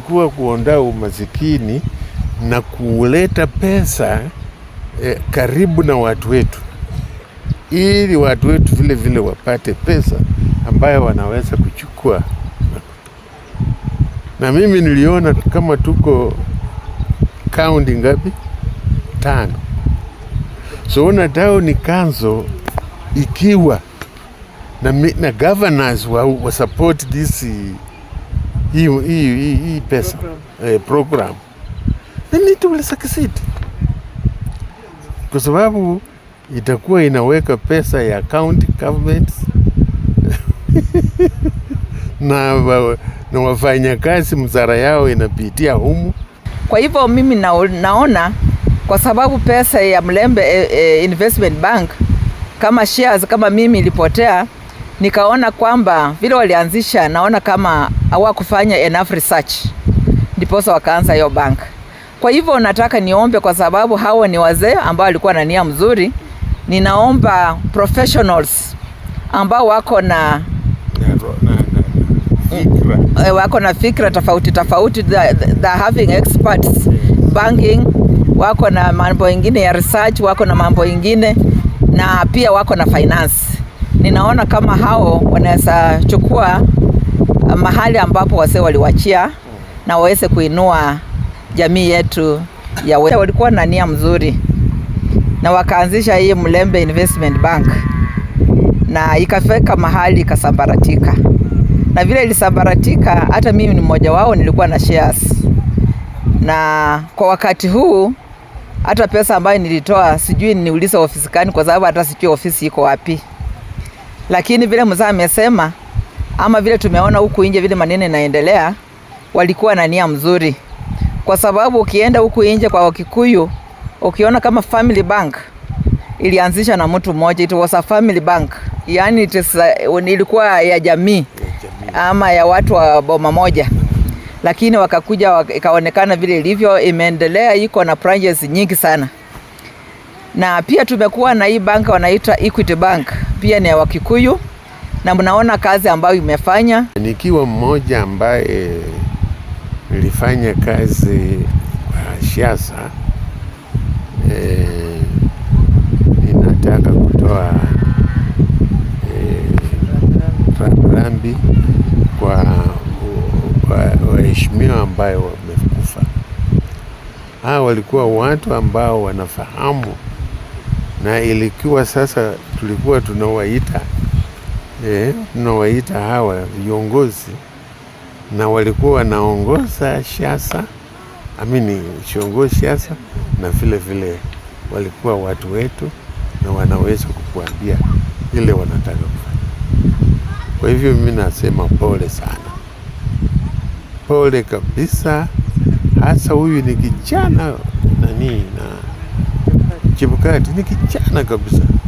ilikuwa kuondoa umasikini na kuleta pesa eh, karibu na watu wetu, ili watu wetu vile vile wapate pesa ambayo wanaweza kuchukua. Na mimi niliona kama tuko kaunti ngapi? Tano. So una town kanzo ikiwa na, na governors wa, wa support this hii pesa eh, program succeed kwa sababu itakuwa inaweka pesa ya county governments na, na wafanyakazi mzara yao inapitia humu. Kwa hivyo mimi naona kwa sababu pesa ya Mlembe eh, eh, Investment Bank kama shares kama mimi ilipotea nikaona kwamba vile walianzisha, naona kama hawakufanya enough research, ndiposa wakaanza hiyo bank. Kwa hivyo nataka niombe, kwa sababu hawa ni wazee ambao walikuwa na nia mzuri, ninaomba professionals ambao wako na Fikra. Eh, wako na fikra tofauti tofauti, the having experts banking, wako na mambo ingine ya research, wako na mambo ingine na pia wako na finance ninaona kama hao wanaweza chukua ah, mahali ambapo wazee waliwachia na waweze kuinua jamii yetu ya wazee. Walikuwa na nia mzuri na wakaanzisha hii Mlembe Investment Bank na ikafika mahali ikasambaratika, na vile ilisambaratika, hata mimi ni mmoja wao, nilikuwa na shares, na kwa wakati huu hata pesa ambayo nilitoa sijui niulize ofisi kani, kwa sababu hata sijui ofisi iko wapi lakini vile mzee amesema ama vile tumeona huku nje vile maneno inaendelea, walikuwa na nia mzuri, kwa sababu ukienda huku nje kwa Wakikuyu ukiona kama family bank ilianzisha na mtu mmoja, it was a family bank, yani ilikuwa ya jamii ama ya watu wa boma moja, lakini wakakuja ikaonekana vile ilivyo, imeendelea iko na branches nyingi sana na pia tumekuwa na hii banka wanaitwa Equity Bank, pia ni ya Wakikuyu na mnaona kazi ambayo imefanya. Nikiwa mmoja ambaye nilifanya kazi kwa siasa e, ninataka kutoa e, rambirambi kwa waheshimiwa ambayo wamekufa. Hawa walikuwa watu ambao wanafahamu na ilikuwa sasa tulikuwa tunawaita eh, tunawaita hawa viongozi na walikuwa wanaongoza siasa amini kiongozi siasa, na vile vile walikuwa watu wetu na wanaweza kukuambia ile wanataka kufanya. Kwa hivyo mimi nasema pole sana, pole kabisa, hasa huyu ni kijana nani na bukan, itu ni kicak nak kau besar.